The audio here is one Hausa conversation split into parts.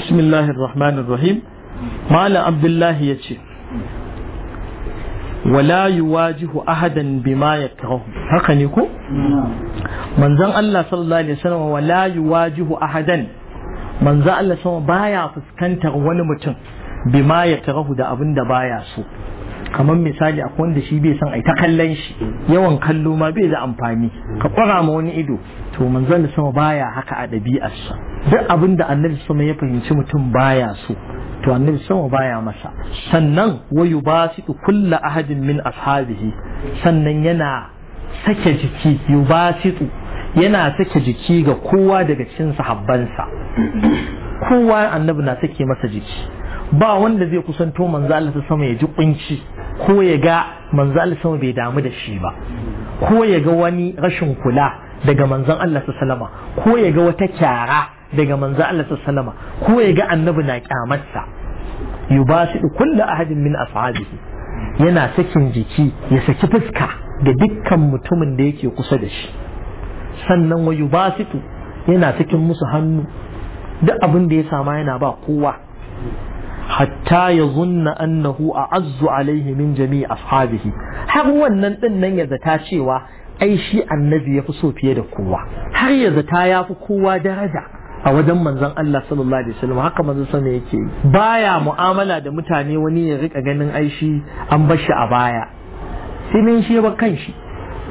bismillahir rahmanir rahim malam abdullahi ya ce wala yuwajihu ahadan bima yakrahu haka ne ko manzon Allah sallallahu alaihi wasallam wala yuwajihu ahadan manzon Allah sallallahu baya fuskantar wani mutum bima yakrahu da abin da baya so kamar misali akwai wanda shi bai san a ta kallon shi yawan kallo ma bai da amfani ka kwara ma wani ido to manzon sama baya haka a sa duk abin da annabi sama ya fahimci mutum baya so to annabi sama baya masa sannan wayu basitu kulla ahadin min ashabihi sannan yana sake jiki yubasitu yana sake jiki ga kowa daga cikin sahabbansa kowa annabi na sake masa jiki ba wanda zai kusanto manzo Allah ta sama ya ji kunci ko ya ga manzo Allah sama bai damu da shi ba ko ya ga wani rashin kula daga manzon Allah ta salama ko ya ga wata kyara daga manzan Allah ta salama ko ya ga annabi na kyamarsa yubasidu kullu ahadin min ashabihi yana sakin jiki ya saki fuska da dukkan mutumin da yake kusa da shi sannan wa yubasitu yana cikin musu hannu duk abin da ya sama yana ba kowa hatta ya zunna annahu a azzu alaihi min ashabihi har wannan din nan ya zata cewa ai shi annabi ya fi so fiye da kowa har ya zata ya fi kowa daraja a wajen manzon Allah sallallahu alaihi wasallam haka manzon ne yake baya mu'amala da mutane wani ya rika ganin ai shi an bar shi a baya sai min shi ba kan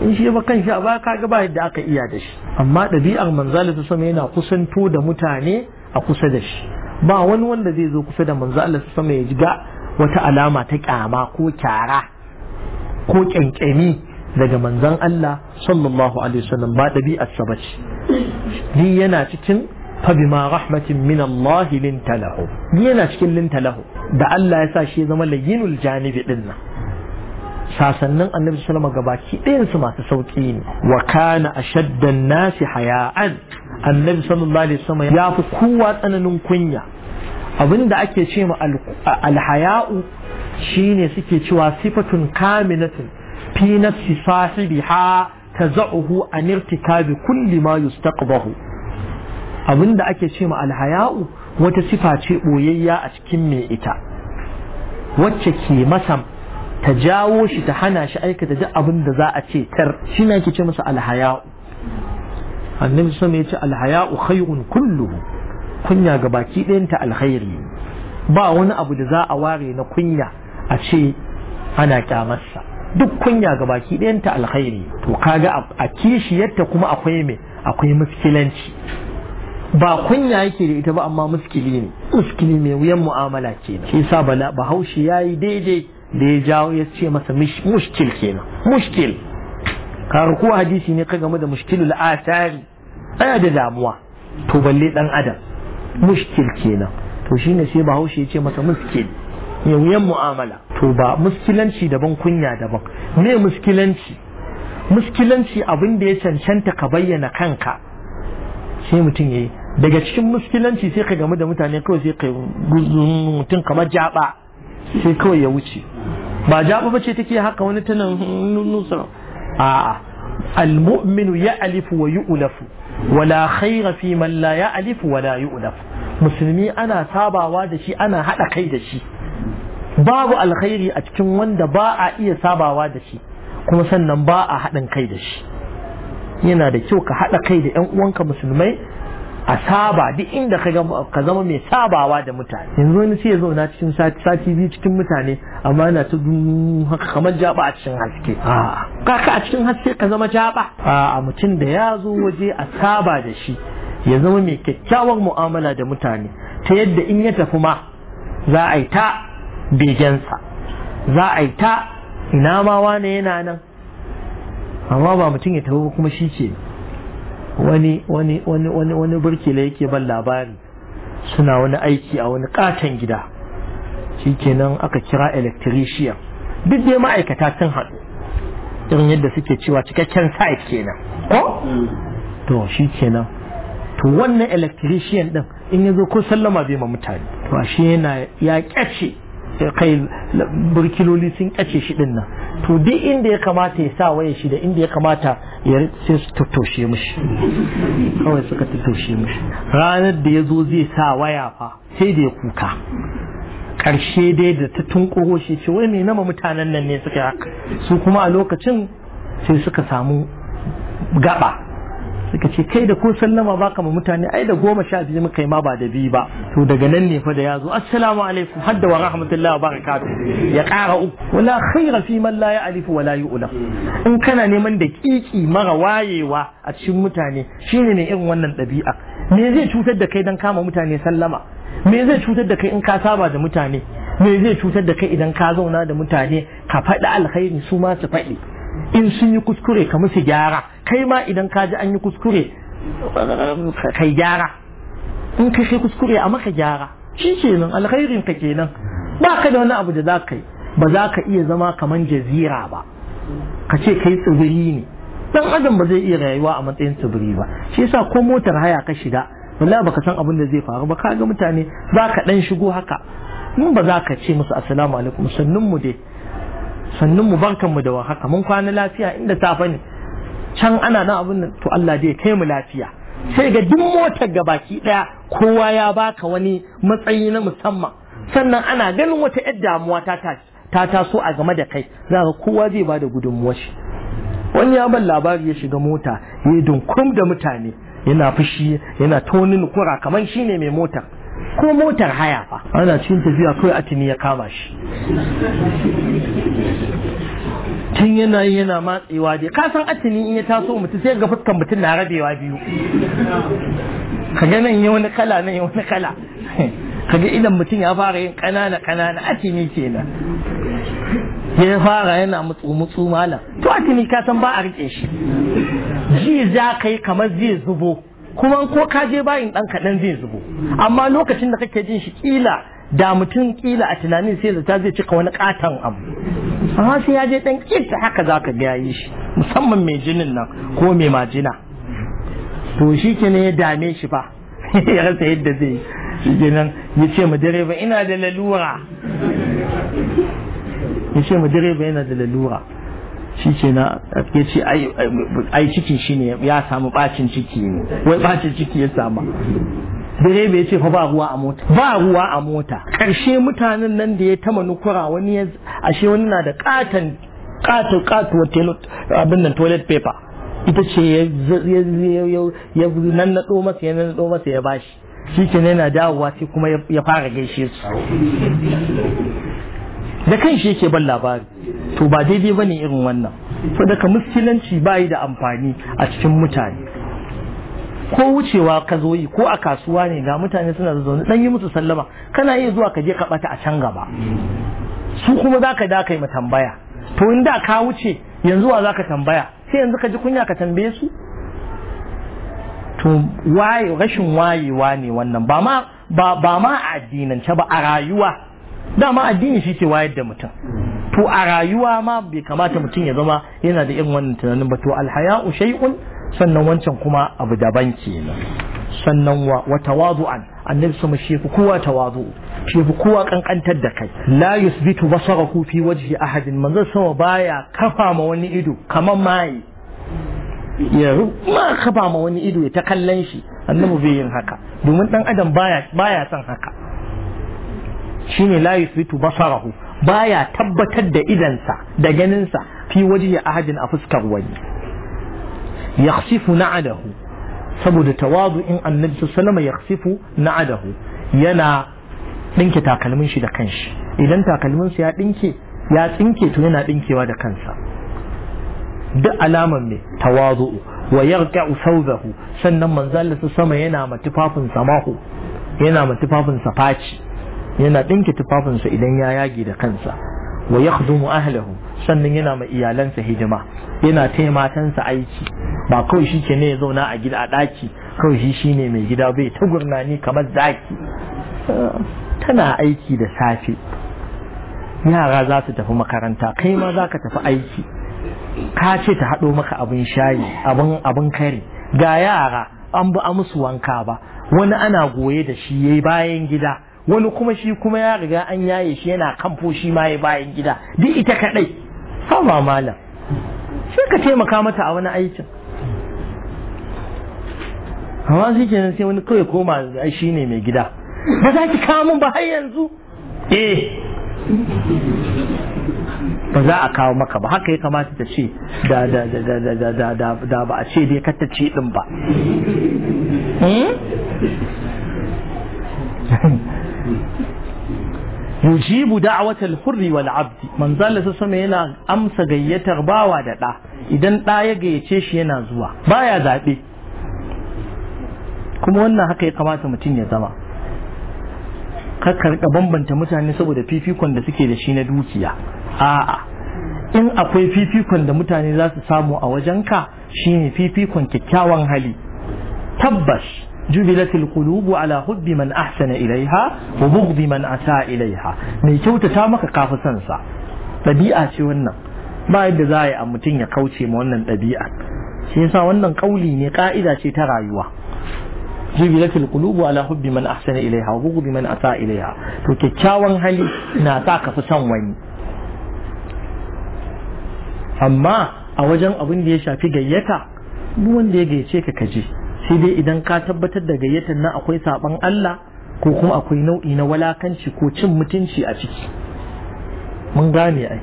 in shi ba kan a baya kaga ba yadda aka iya da shi amma ɗabi'ar manzon Allah sallallahu yana kusanto da mutane a kusa da shi ba wani wanda zai zo kusa da manzo Allah sama ya jiga wata alama ta kyama ko kyara ko kyankyami daga manzon Allah sallallahu alaihi wasallam ba dabi'arsa bace ni yana cikin fabima رحمة minallahi الله Ni yana cikin linta da Allah ya sa shi zama layyinul janibi din nan sasannin annabi sallama gabaki ɗayan su masu sauki ne wa kana ashaddan nasi haya'an annabi sallallahu alaihi wasallam ya fi kowa tsananin kunya Abin da ake ce ma alhaya'u shine suke cewa sifatun kaminatin fi nafsi za'uhu a nirtika bi kulli ma yustaqbahu abinda ake ce ma alhaya'u wata sifa ce boyayya a cikin mai ita wacce ke masa ta jawo shi ta hana shi aikata duk abin da za a ce tar shi ne ake ce masa alhaya'u annabi sallallahu alaihi wasallam ya ce alhaya'u khayrun kulluhu kunya ga baki ɗayanta alkhairi ba wani abu da za a ware na kunya a ce ana kyamarsa duk kunya ga baki ɗayanta alkhairi to kaga a kishiyarta kuma akwai mai akwai muskilanci ba kunya yake da ita ba amma muskili ne muskili mai wuyan mu'amala kenan shi sa bala bahaushe yi daidai da ya jawo ya ce masa mushkil kenan mushkil ka hadisi ne ka game da mushkilul asari aya da damuwa to balle dan adam mushkil kenan to shine sai bahaushe ya ce masa muskil ya wuyan mu'amala to ba muskilanci daban kunya daban me muskilanci muskilanci abin da ya cancanta ka bayyana kanka sai mutum ya yi daga cikin muskilanci sai ka gamu da mutane kawai sai ka mutum kamar jaba sai kawai ya wuce ba jaba ba ce take haka wani tunan nusa a'a al-mu'minu ya alifu wa yu'lafu wala khaira fi man la wala yu'laf musulmi ana sabawa da shi ana haɗa kai da shi babu alkhairi a cikin wanda ba a iya sabawa da shi kuma sannan ba a haɗin kai da shi yana da kyau ka haɗa kai da 'yan uwanka musulmai a saba duk inda ka zama mai sabawa da mutane yanzu wani sai ya zauna cikin sati biyu cikin mutane amma yana ta haka kamar jaba a cikin haske ka a cikin haske ka zama jaba a mutum da ya zo waje a saba da shi ya zama mai kyakkyawar mu'amala da mutane ta yadda in ya tafi ma za a yi ta begensa za a yi ina ma wane yana nan amma ba mutum ya tafi kuma shi ce wani wani wani wani wani la yake ban labari suna wani aiki a wani katon gida shikenan aka kira electrician duk dai ma'aikata sun haɗu irin yadda suke cewa cikakken site kenan ko to shi kenan to wannan electrician din in ya zo ko sallama bai ma mutane to shi yana ya kyace kai burkiloli sun kyace shi din nan to duk inda ya kamata ya sa waya shi da inda ya kamata ya sai su tattaushe mishi kawai suka tattaushe mishi ranar da ya zo zai sa waya fa sai da ya kuka ƙarshe dai da ta tunkuro shi ce wai mai nama mutanen nan ne suka haka su kuma a lokacin sai suka samu gaba suka ce kai da ko sallama baka ma mutane ai da goma sha biyu muka yi ma ba da biyu ba to daga nan ne fa da yazo assalamu alaikum hadda wa rahmatullahi wa barakatuh ya ƙara uku wala khaira fi man la ya'rifu wa la yu'lam in kana neman da kiki mara wayewa a cikin mutane shine ne irin wannan ɗabi'a me zai cutar da kai dan kama mutane sallama me zai cutar da kai in ka saba da mutane me zai cutar da kai idan ka zauna da mutane ka faɗi alkhairi su ma su faɗi in sun yi kuskure ka musu gyara kai ma idan ka ji an yi kuskure kai gyara in ka kai kuskure a maka gyara shi kenan alkhairin ka kenan ba ka da wani abu da za ka yi ba za ka iya zama kamar jazira ba ka ce kai tsibiri ne dan adam ba zai iya rayuwa a matsayin tsibiri ba shi yasa ko motar haya ka shiga wallahi baka san abin da zai faru ba Kaga ga mutane za ka dan shigo haka mun ba za ka ce musu assalamu alaikum sannun mu dai sannun mu barkan mu da wa haka mun kwana lafiya inda safa ne can ana nan abin to Allah dai kai mu lafiya sai ga duk motar ga baki daya kowa ya baka wani matsayi na musamman sannan ana ganin wata yar damuwa ta ta taso a game da kai za ka kowa zai bada gudunmuwar shi wani ya ban labari ya shiga mota ya yi dunkum da mutane yana fushi yana tonin kura kamar shine mai motar ko motar haya fa ana cikin tafiya kawai atini ya kama shi tun yana yana matsewa dai ka san atini in ya taso mutu sai ga fuskan mutum na rabewa biyu Ka nan ya wani kala nan ya wani kala kaga idan mutum ya fara yin kanana kanana atini kenan ya fara yana mutsu mutsu malam to a tuni ka san ba a rike shi ji za ka yi kamar zai zubo kuma ko ka je bayin dan kaɗan zai zubo amma lokacin da kake jin shi kila da mutum kila a tunanin sai zata zai cika wani katon abu amma sai ya je dan kita haka za ka ga yi shi musamman mai jinin nan ko mai majina to shi ke ne ya dame shi fa ya rasa yadda zai yi shi ya ce ma direba ina da lalura ya ce mu direba yana da lalura shi ce na ya ce ai ciki shi ne ya samu bacin ciki ne wai bacin ciki ya samu direba ya ce fa ba ruwa a mota ba ruwa a mota karshe mutanen nan da ya ta manukura wani ya ashe wani na da katon katon kato abin nan toilet paper ita ce ya nan na masa ya nan masa ya bashi shi ke yana dawowa sai kuma ya fara gaishe su da kan shi yake ban labari to ba daidai bane irin wannan saboda muskilanci ba yi da amfani a cikin mutane ko wucewa ka zo yi ko a kasuwa ne ga mutane suna zaune dan yi musu sallama kana iya zuwa ka je ka bata a can gaba su kuma zaka da kai mu tambaya to in ka wuce yanzu wa zaka tambaya sai yanzu ka ji kunya ka tambaye su to waye rashin wayewa ne wannan ba ma ba ma a addinance ba a rayuwa dama addini shi ke wayar da mutum to a rayuwa ma bai kamata mutum ya zama yana da irin wannan tunanin ba to alhaya'u shay'un sannan wancan kuma abu daban kenan sannan wa tawadu'an annabi sama shi fi kowa tawadu shi fi kowa kankantar da kai la yusbitu basarahu fi wajhi ahadin manzo sama baya kafa ma wani ido kaman mai ya ma kafa ma wani ido ya ta kallon shi annabi bai yin haka domin dan adam baya baya son haka shine la yusbitu basarahu baya tabbatar da idansa da ganinsa fi wajhi ahadin a fuskar wani yakhsifu na'adahu saboda in annabi sallallahu alaihi yakhsifu na'adahu yana dinke takalmin shi da kanshi idan takalmin sa ya dinke ya tsinke to yana dinkewa da kansa duk alaman ne tawazu'u wa yarqa'u thawbahu sannan manzo Allah sama yana matufafin samahu yana matufafin safaci yana ɗinke tufafinsa idan ya yage da kansa wa yakhdumu ahlahu sannan yana mai iyalansa hidima yana taya matansa aiki ba kawai shi ke ne ya zauna a gida a ɗaki kawai shi shine mai gida bai ta gurnani kamar zaki tana aiki da safe yara za su tafi makaranta kai ma za ka tafi aiki ka ce ta haɗo maka abin shayi abin abin kare ga yara an bu a musu wanka ba wani ana goye da shi yayi bayan gida wani kuma shi kuma ya riga an yaye shi yana kamfo shi ma ya bayan gida duk ita kadai haba malam sai ka taimaka mata a wani aikin amma shi nan sai wani kawai koma shi ne mai gida ba za ki kawo mun ba har yanzu eh ba za a kawo maka ba haka ya kamata ta ce da da da da da da ba a ce dai kata ce din ba hmm? yujibu da'watal hurri wal abdi manzo Allah sallallahu yana amsa gayyatar bawa da da idan da ya gayyace shi yana zuwa baya zabe kuma wannan haka ya kamata mutum ya zama karka bambanta mutane saboda fifikon da suke da shi na dukiya a'a in akwai fifikon da mutane za su samu a wajenka shine fifikon kyakkyawan hali tabbas jubilat alqulubu ala hubbi man ahsana ilaiha wa bughdi man asa ilaiha mai kyautata maka kafi san sa dabi'a ce wannan ba yadda za a yi a mutum ya kauce ma wannan dabi'a shi yasa wannan ƙauli ne ƙa'ida ce ta rayuwa jubilat alqulubu ala hubbi man ahsana ilaiha wa bughdi man asa ilaiha to kyakkyawan hali na sa ka fi son wani amma a wajen abin da ya shafi gayyata duk wanda ya gayyace ka kaje sai dai idan ka tabbatar da gayyatar na akwai saban Allah ko kuma akwai nau'i na walakanci ko cin mutunci a ciki mun gane ai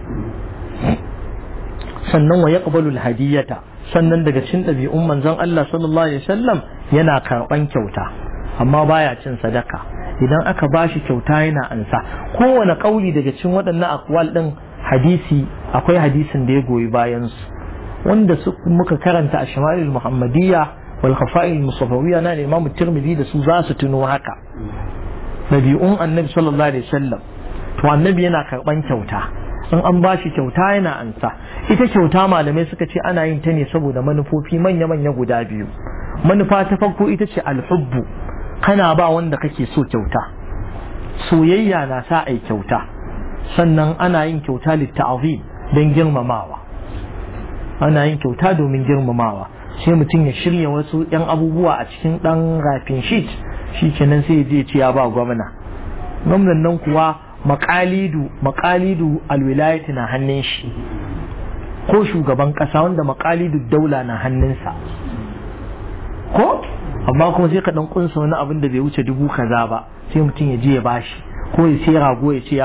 sannan wa yaqbalu hadiyata sannan daga cin ɗabi'un manzon Allah sallallahu alaihi wasallam yana karban kyauta amma baya cin sadaka idan aka bashi kyauta yana ansa kowane kauli daga cin waɗannan akwal din hadisi akwai hadisin da ya goyi bayan su wanda su muka karanta a shimalil muhammadiyya wal khafa'il musafawiyya na Imam Tirmidhi da su za su tuno haka dabi'un Annabi sallallahu alaihi wasallam to Annabi yana karban kyauta in an bashi kyauta yana ansa ita kyauta malamai suka ce ana yin ta ne saboda manufofi manya-manya guda biyu manufa ta farko ita ce alhubbu kana ba wanda kake so kyauta soyayya na sa ai kyauta sannan ana yin kyauta litta'azim don girmamawa ana yin kyauta domin girmamawa sai mutum ya shirya wasu yan abubuwa a cikin dan rafin sheet shi kenan sai je ce ya ba gwamna gwamnan nan kuwa makalidu makalidu alwilayati na hannun shi ko shugaban kasa wanda makalidu daula na hannunsa ko amma kuma sai ka dan kunsa wani abin da bai wuce dubu kaza ba sai mutum ya je ya bashi ko ya sai rago ya ce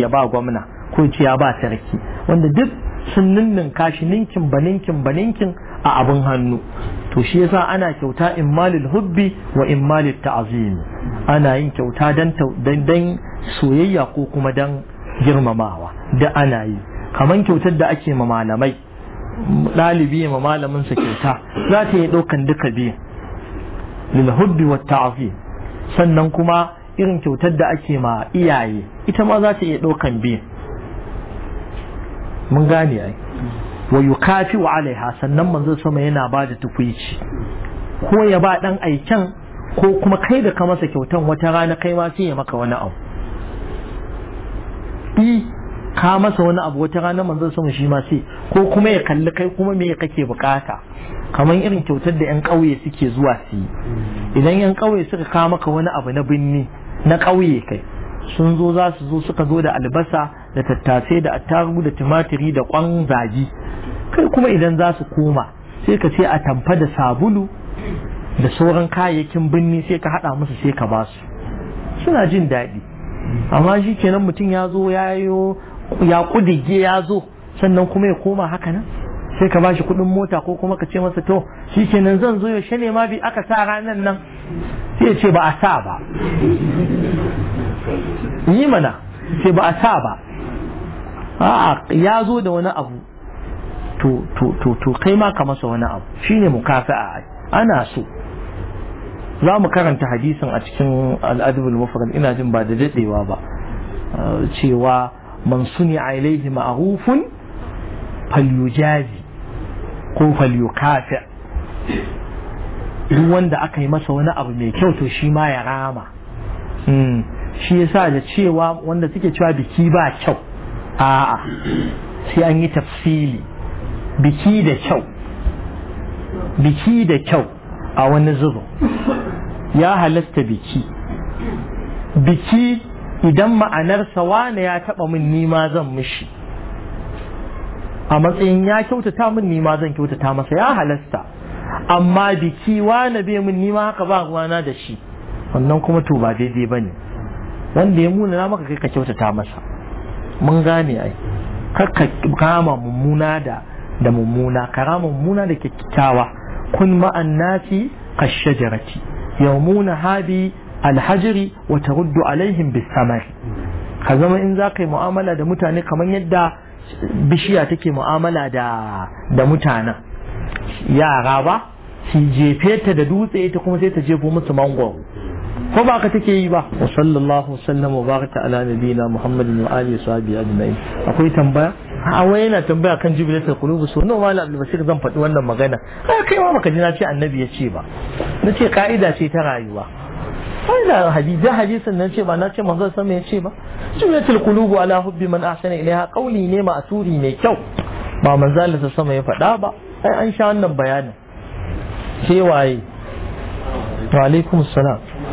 ya ba gwamna ko ya ce ya ba sarki wanda duk sun ninnin kashi ninkin ba ninkin ba ninkin a abin hannu to shi yasa ana kyauta in malil hubbi wa in malil ana yin kyauta dan dan soyayya ko kuma dan girmamawa da ana yi kaman kyautar da ake ma malamai dalibi ma malamin sa kyauta za ta yi ɗaukan duka biyan lil hubbi wa ta'zim sannan kuma irin kyautar da ake ma iyaye ita ma za ta iya ɗaukan biyan mun gane ai wa wa alaiha sannan manzo sama yana ba da tukuici ko ya ba dan aiken ko kuma kai da ka masa kyautan wata rana kai ma sai ya maka wani abu i ka masa wani abu wata rana manzo sama shi ma sai ko kuma ya kalli kai kuma me kake bukata kamar irin kyautar da yan kauye suke zuwa su yi idan yan kauye suka ka maka wani abu na binni na kauye kai sun zo za su zo suka zo da albasa da tattasai da attarugu da tumatiri da kwan zagi kai kuma idan za su koma sai ka ce a tamfa da sabulu da sauran kayayyakin birni sai ka haɗa musu sai ka basu suna jin daɗi amma shi kenan mutum ya zo ya yo ya kudige ya zo sannan kuma ya koma haka nan sai ka bashi kuɗin mota ko kuma ka ce masa to shi kenan zan zo yaushe ne ma bi aka sa ranar nan sai ya ce ba a sa ba yi mana sai ba a sa ba a'a ya zo da wani abu to to kai ma ka masa wani abu shine mukafa'a ana so za mu karanta hadisin a cikin al'adab al-mufrad ina jin ba da dadewa ba uh, cewa man suni ilaihi ma'rufun falyujazi ko falyukafi duk wanda aka yi masa wani abu mai kyau to shi ma ya rama hmm. shi yasa da cewa wanda suke cewa biki ba kyau a'a sai an yi tafsili biki da kyau biki da kyau a wani zuba ya halasta biki biki idan ma'anarsa wane ya taɓa min nima zan mishi a matsayin ya kyautata min nima zan kyautata masa ya halasta amma biki wane bai min nima haka ba ruwana da shi wannan kuma to ba daidai ba ne wanda ya muna na maka kai ka kyautata masa mun gane ai kakka kama mummuna da da mummuna karama mummuna da kyakkyawa kun ma'an nasi kashajarati yawmuna hadi alhajiri wa ruddu alaihim bisamari ka zama in za ka yi mu'amala da mutane kamar yadda bishiya take mu'amala da da mutanen yara ba su jefe ta da dutse ita kuma sai ta jefo musu mangwaro ko ba ka take yi ba wa sallallahu sallam wa baraka ala nabiyina muhammadin wa alihi sahbihi ajma'in akwai tambaya a wai yana tambaya kan jibilatul qulub so no mala abdul basir zan faɗi wannan magana kai kai ma baka ji na ce annabi ya ce ba na ce ka'ida ce ta rayuwa wanda hadisi hadisin nan ce ba na ce manzon sama ya ce ba jibilatul qulub ala hubbi man ahsana ilaiha qauli ne ma'suri mai kyau ba manzon Allah sama ya faɗa ba ai an sha wannan bayanin sai waye wa alaikum salam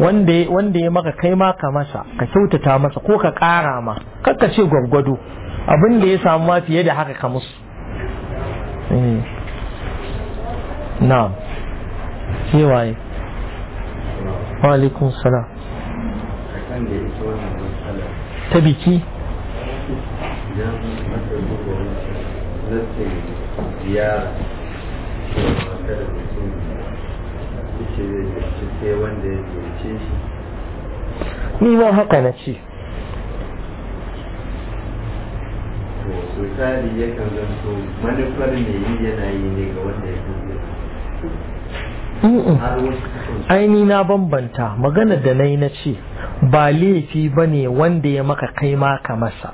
wanda ya maka kai ma ka masa ka kyautata masa ko ka ƙara ma kakka ce gwaggwado abin da ya samu ma fiye da haka ka musu eh. na sai waye walikun alaikum ta biki ziyara ce wanda ya ni ma haka na ce aini na bambanta magana da nai na ce ba laifi ba ne wanda ya maka kai ma ka masa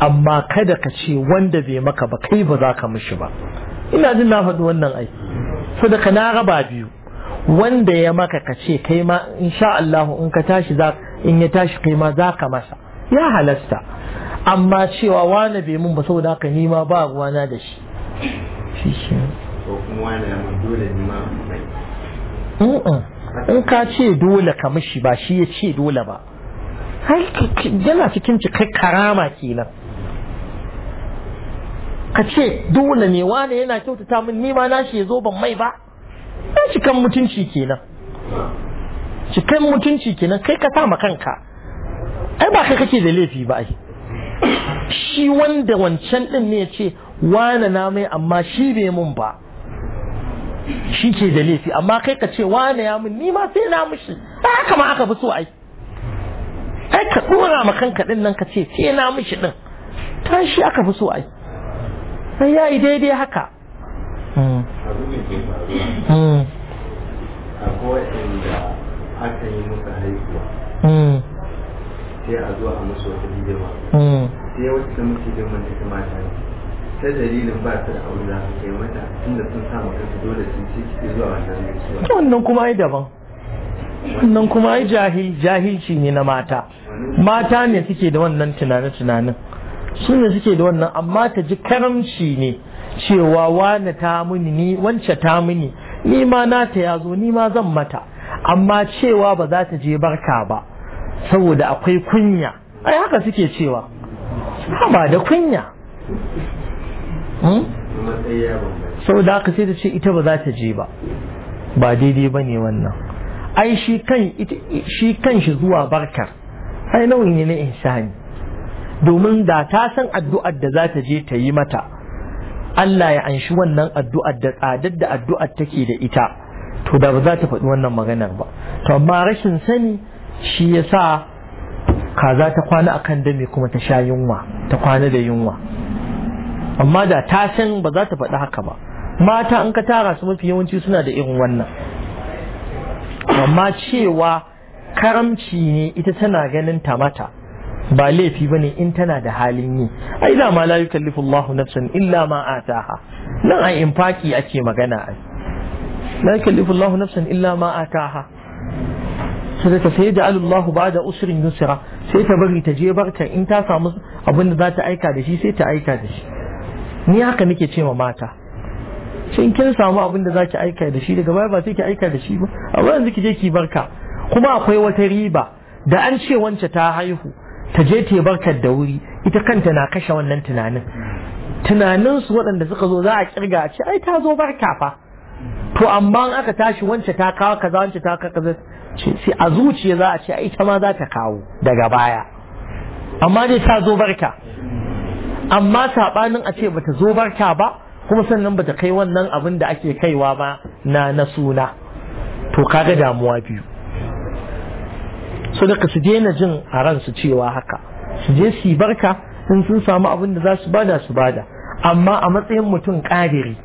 amma kada ka ce wanda bai maka ba kai ba za ka mishi ba ina jin na faɗi wannan aiki sadaka na raba biyu wanda ya maka ka ce kai ma insha Allah in ka tashi za in ya tashi kai ma za ka masa ya halasta amma cewa wani bai mun ba saboda haka ni ma ba ruwana da shi shi shi ko kuma wani dole ni ma in ka ce dole ka mishi ba shi ya ce dole ba yana cikin kai karama kenan ka ce dole ne wane yana kyautata min ma na shi ya zo ban mai ba ya cikin mutunci kenan cikin mutunci kenan kai ka sama kanka ai ba kai kake da laifi ba ai shi wanda wancan din ne ya ce wane na mai amma shi bai mun ba shi ke da laifi amma kai ka ce wane ya mun ni ma sai na mushi haka ma aka fi so ai ai ka dora ma kanka din nan ka ce sai na mushi din tashi aka fi so ai sai yayi daidai haka abin da ke faruwa akwai inda aka yi musu haihuwa sai a zuwa a musu wata hidima sai wata ta musu hidiman da ta mata ne ta dalilin ba su da aure za su kai mata tunda sun samu kansu dole sun ce ciki zuwa wannan gaisuwa wannan kuma ai daban nan kuma ai jahil jahilci ne na mata mata ne suke da wannan tunanin tunanin su ne suke da wannan amma ta ji karamci ne cewa wane ta mini ni wance ta mini ni ma nata ya zo ni ma zan mata amma cewa ba za ta je barka ba saboda akwai kunya ai haka suke cewa ba da kunya hmm? saboda haka sai ta ce ita ba za ta je ba ba daidai ba ne wannan ai shi kan shi zuwa barkar ai nau'in ne na insani domin da ta san addu'ar da za ta je ta yi mata Allah ya anshi wannan addu'ar da tsadar da addu'ar take da ita to da ba za ta faɗi wannan maganar ba to amma rashin sani shi ya sa kaza ta kwana akan dame kuma ta sha yunwa ta kwana da yunwa amma da ta san ba za ta faɗi haka ba mata an ka tara su mafi yawanci suna da irin wannan amma cewa karamci ne ita tana ganin ta mata ba laifi ba ne in tana da halin yi ai da ma la yukallifu Allahu nafsan illa ma ataha nan ai infaki ake magana ai la yukallifu Allahu nafsan illa ma ataha sai ta sai da Allahu ba da usrin yusra sai ta bari ta je barka in ta samu abin da za ta aika da shi sai ta aika da shi ni haka nake ce ma mata shin kin samu abin da zaki ki aika da shi daga baya ba sai ki aika da shi ba a yanzu ki je ki barka kuma akwai wata riba da an ce wance ta haihu ta je ta barkar da wuri ita kanta na kashe wannan tunanin tunanin su waɗanda suka zo za a kirga a ce ai ta zo barka fa to amma aka tashi wance ta kawo kaza wance ta kawo kaza sai a zuciya za a ce ai ita ma za ta kawo daga baya amma dai ta zo barka amma saɓanin a ce bata zo barka ba kuma sannan bata kai wannan abin da ake kaiwa ba na na suna to kaga damuwa biyu so daga su daina jin a su cewa haka su je su barka in sun samu abin da za su bada su bada amma a matsayin mutum kadiri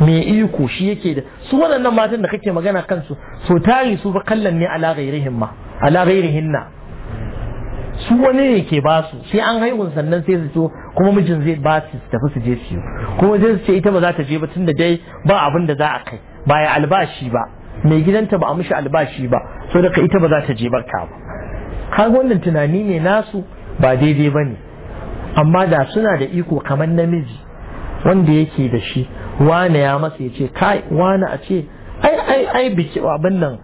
mai iko shi yake da su waɗannan matan da kake magana kansu so tari su ba kallon ne ala ghairihim ma su wani ne ke ba su sai an haihu sannan sai su to kuma mijin zai ba su tafi su je su kuma zai su ce ita ba za ta je ba tun da dai ba abin da za a kai ba ya albashi ba mai gidanta ba a mishi albashi ba so daga ita ba za ta je barka ba Har wannan tunani ne nasu ba daidai ba ne amma da suna da iko kamar namiji wanda yake da shi wane ya masa ya ce kai wane a ce ai ai ai biki abin nan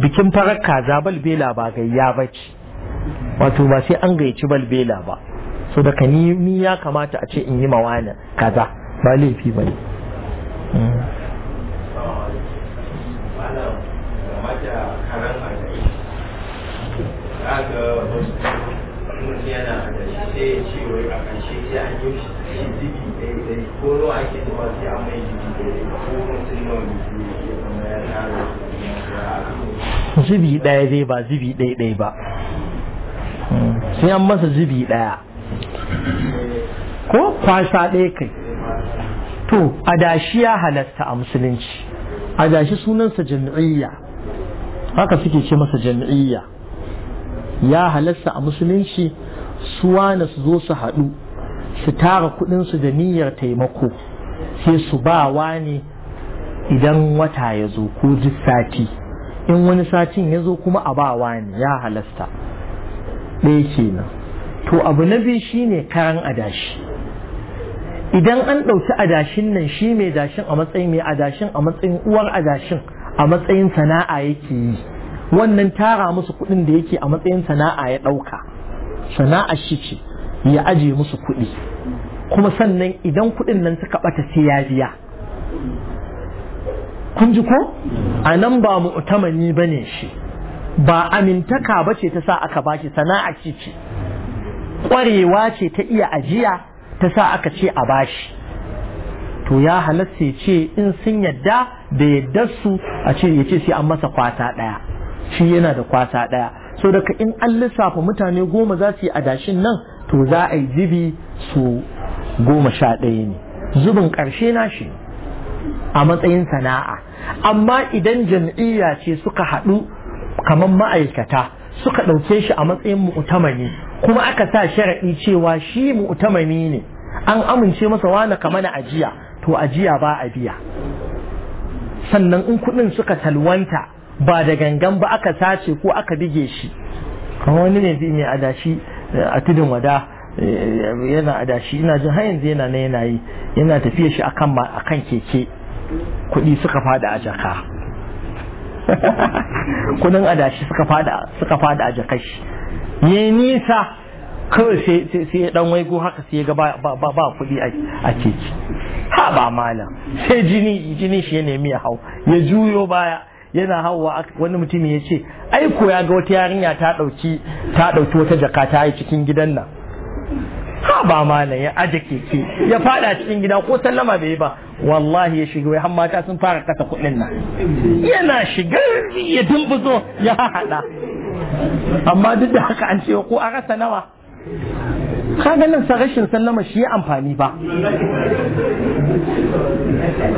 bikin farar kaza balbela ba gayya ba ce wato ba sai an gayyaci balbela ba so daga ni ya kamata a ce in yi mawana kaza ba laifi ba ne hmm. a ƙarshe sai zubi ɗaya zai ba zubi ɗaya ba sai an masa zubi ɗaya ko kwasa ɗaya kai to adashi ya halatta a musulunci adashi sunansa jam'iyya haka suke ce masa jam'iyya ya halatta a musulunci Su wane su zo su haɗu su tara kuɗinsu da niyyar taimako sai su ba wani idan wata ya zo ko duk sati in wani satin ya zo kuma a ba wani ya halasta ɗaya kenan to abu na biyu shine karan adashi idan an ɗauki adashin nan shi mai dashin a matsayin mai adashin a matsayin uwar adashin a matsayin sana'a yake yi wannan tara musu kuɗin da yake a matsayin sana'a ya ɗauka sana'ar shi ce ya aje musu kuɗi kuma sannan idan kuɗin nan suka ɓata sai ya biya kun ji ko a nan ba utamani ba ne shi ba amintaka ba ce ta sa aka bashi sana'a ce ce ƙwarewa ce ta iya ajiya ta sa aka ce a bashi to ya halatta ce in sun yadda da yaddar su a ce ya ce sai an masa kwata ɗaya shi yana da kwata ɗaya so daga in an lissafa mutane goma za su yi adashin nan to za a yi zibi su goma sha ɗaya ne zubin ƙarshe na shi a matsayin sana'a amma idan jam'iyya ce suka haɗu kamar ma'aikata suka ɗauke shi a matsayin mu'utamani. kuma aka sa sharaɗi cewa shi mu'utamani ne an amince masa wani kama na ajiya to ajiya ba a biya sannan in kuɗin suka talwanta ba da gangan ba aka sace ko aka bige shi kamar wani ne zai mai adashi eh, a tudun wada eh, yana adashi ina jin har yanzu yana na yanayi yana tafiya shi akan akan keke kuɗi suka fada a jaka kudin adashi suka fada a jakar shi ne nisa kawai sai sai ya dan waigo haka sai ya ga ba ba kuɗi a keke ha ba malam sai jini jini shi ya nemi ya hau ya juyo baya yana hawa wani mutum ya ce ai ya ga wata yarinya ta dauki ta dauki wata jaka ta yi cikin gidan nan ha ba ma ya aje keke ya fada cikin gida ko sallama bai ba wallahi ya shiga har mata sun fara kasa kuɗin nan yana shiga ya dumbuzo ya haɗa amma duk da haka an ce ko a rasa nawa kaga nan sa rashin sallama shi ya amfani ba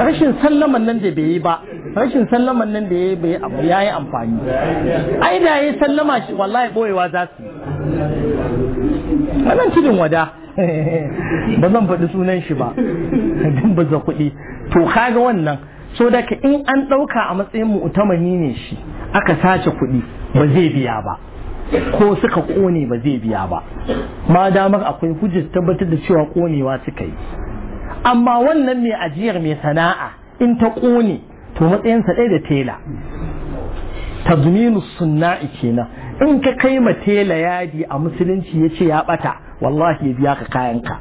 rashin sallaman nan da bai yi ba rashin sallaman nan da ya yi amfani ai da ya sallama shi wallahi boyewa za su wannan cikin wada ba zan faɗi sunan shi ba don ba za kuɗi to kaga wannan so da in an ɗauka a matsayin mu utamani ne shi aka sace kuɗi ba zai biya ba ko suka ƙone ba zai biya ba ma damar akwai hujjar tabbatar da cewa ƙonewa suka yi amma wannan mai ajiyar mai sana'a in ta ƙone to matsayinsa ɗaya da tela tazminu sunna'i kenan in ka kai ma tela yadi a musulunci ya ce ya ɓata wallahi ya biya ka kayanka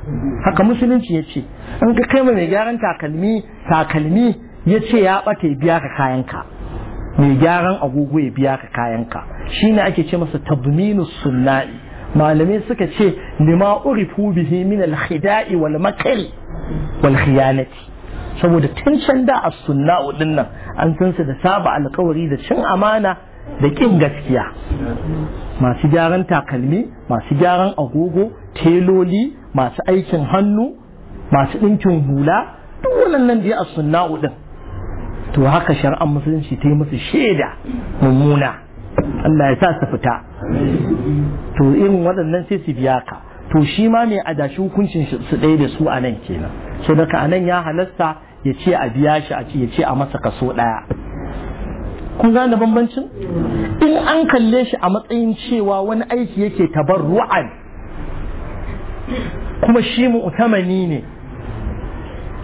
haka musulunci ya ce in ka kai ma mai gyaran takalmi takalmi ya ce ya bata ya biya ka kayanka mai gyaran agogo ya biya ka kayanka shine ake ce masa tabminu sunna'i malamai suka ce lima urifu bihi min al-khida'i wal wal khiyanati saboda tun can da as-sunna'u nan an san su da saba alkawari da cin amana da kin gaskiya masu gyaran takalmi masu gyaran agogo teloli masu aikin hannu masu ɗinkin hula duk wannan da ya a sunna din to haka shari'ar musulunci ta yi musu shaida mummuna Allah ya sa su fita to irin waɗannan sai su biya ka to shi ma mai adashi hukuncin su ɗaya da su a nan kenan so daga a ya halasta ya ce a biya shi ya ce a masa kaso ɗaya kun gane bambancin in an kalle shi a matsayin cewa wani aiki yake tabar ru'an kuma shi mu'tamani ne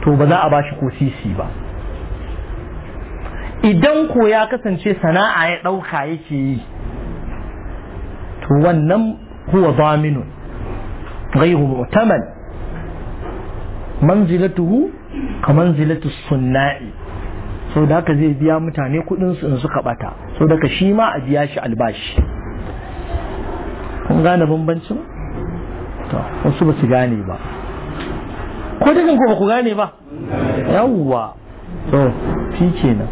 to ba za a bashi ko sisi ba idan ko ya kasance sana'a ya ɗauka yake yi to wannan huwa zaminun غير مؤتمن منزلته كمنزلة الصناع sau da haka zai biya mutane kudinsu in suka bata sau da shi ma a biya shi albashi kun gane bambancin wasu ba su gane ba ko dukan ku ba ku gane ba yawwa so shi ke nan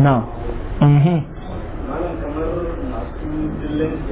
na mhm. malam kamar masu dillanci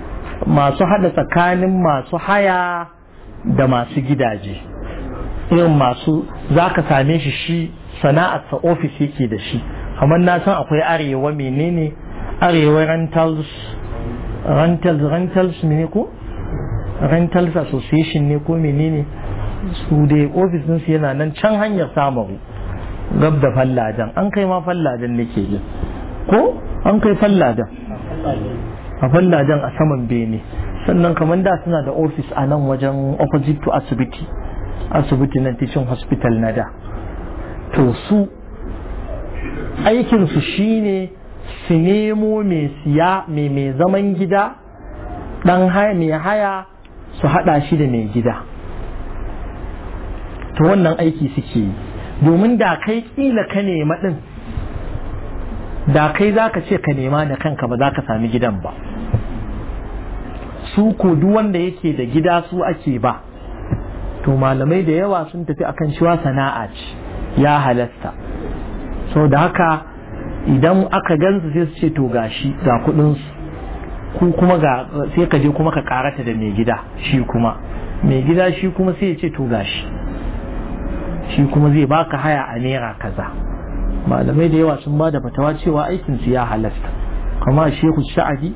masu hada tsakanin masu haya da masu gidaje irin masu za ka same shi shi sana'arsa ofis yake da shi amma na san akwai arewa menene arewa rentals rentals rentals ne ko rentals association ne ko menene su da ofis su yana nan can hanyar samaru gab da falladan an kai ma falladan nake ko an kai falladan a fallajen a saman bene sannan kamar da suna da ofis a nan wajen opposite to asibiti asibiti na teaching hospital na da to su aikinsu shine su nemo mai siya mai mai zaman gida ɗan haya mai haya su hada shi da mai gida to wannan aiki suke yi domin da kai kila ka nema din da kai za ka ce ka nema da kanka ba za ka sami gidan ba su ko duk wanda yake da gida su ake ba to malamai da yawa sun tafi akan cewa sana'a ce ya halasta So da haka idan aka gansu sai su ce to gashi ga kudinsu ku kuma ga sai ka je kuma ka karata da mai gida shi kuma mai gida shi kuma sai ya ce to gashi shi kuma zai baka haya a naira kaza malamai da yawa sun ba da fatawa cewa aikinsu ya halasta kama shehu sha'adi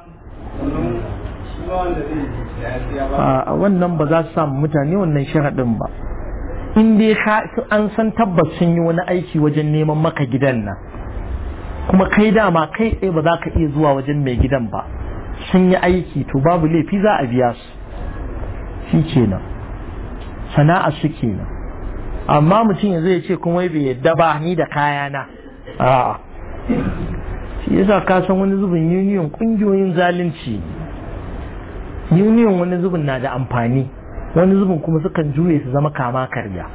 a wannan ba za su samu mutane wannan sharaɗin ba in dai an san tabbas sun yi wani aiki wajen neman maka gidan nan kuma kai dama kai tsaye ba za ka iya zuwa wajen mai gidan ba sun yi aiki to babu laifi za a biya su shi kenan sana'a su kenan amma mutum ya zai ce kuma bai yadda ba ni da kayana a'a shi yasa ka san wani zubin union kungiyoyin zalunci union wani zubin na da amfani wani zubin kuma sukan juye su zama kama karya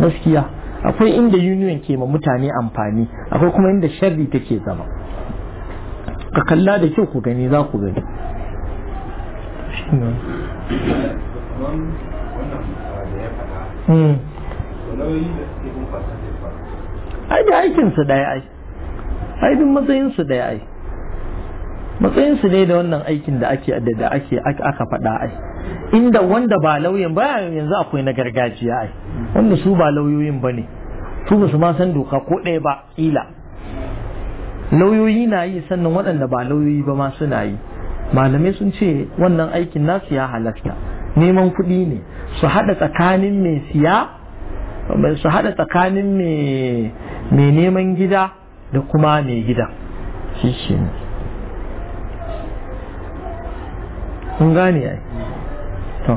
gaskiya akwai inda union ke ma mutane amfani akwai kuma inda sharri take zama ka kalla da kyau ku gani za ku gani hmm. ai da aikinsa ɗaya ai ai matsayinsu da ya Matsayinsu ai matsayinsu ne da wannan aikin da ake da ake aka faɗa ai inda wanda ba lauyan ba yanzu akwai na gargajiya ai wanda su ba lauyoyin ba ne su ba su ma san doka ko ɗaya ba ƙila lauyoyi na yi sannan waɗanda ba lauyoyi ba ma suna yi malamai sun ce wannan aikin na siya halatta neman kuɗi ne su haɗa tsakanin mai siya su haɗa tsakanin mai neman gida da kuma mai gida. shi shi ne kun gane ya yi. to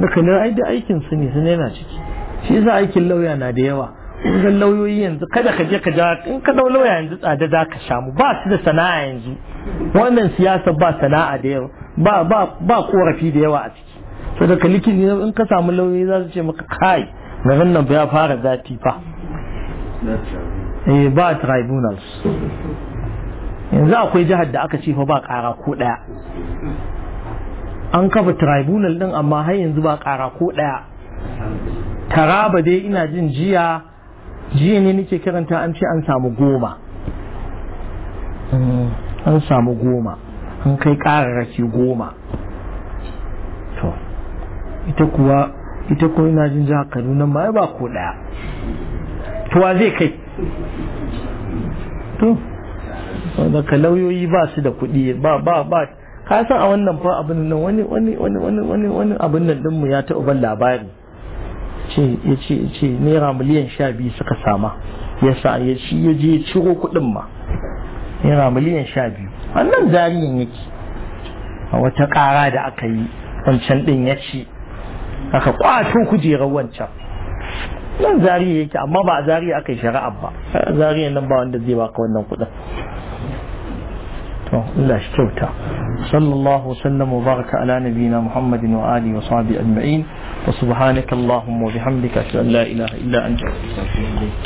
dukkanin aiki aikin su ne sun yana ciki shi yasa aikin lauya na da yawa kun lauyoyi yanzu kada ka je ka ja in ka dau lauya yanzu tsada za ka shamu ba su da sana'a yanzu wannan siyasa ba sana'a da yawa ba ba ba korafi da yawa a ciki to daga likiti in ka samu lauyoyi za su ce maka kai garin nan ya fara zafi fa eh ba tribunals yanzu akwai jihar da aka ce fa ba kara ko daya an kafa tribunal din amma har yanzu ba kara ko daya taraba dai ina jin jiya jiya ne nake karanta an ce an samu goma mm, an samu goma an kai kararraki goma to ita kuwa ita ko ina jin jihar kaduna ma ba ko daya to wa zai kai to wanda ka lauyoyi ba su da kuɗi ba ba ba ka san a wannan fa abin nan wani wani wani wani wani wani abin nan dinmu ya taɓa ban labari ce ya ce ce naira miliyan sha biyu suka sama ya sa ya ci ya je ciro kuɗin ma naira miliyan sha biyu wannan jariyan yake a wata ƙara da aka yi wancan ɗin ya ci aka kwato kujerar wancan nan zariya yake amma ba a zariya aka yi shari'a ba zariya nan ba wanda zai baka wannan kudin to Allah shi kyauta sallallahu wasallam wa baraka ala nabiyina muhammadin wa alihi wa sahbihi ajma'in wa subhanaka allahumma wa bihamdika ashhadu an la ilaha illa anta astaghfiruka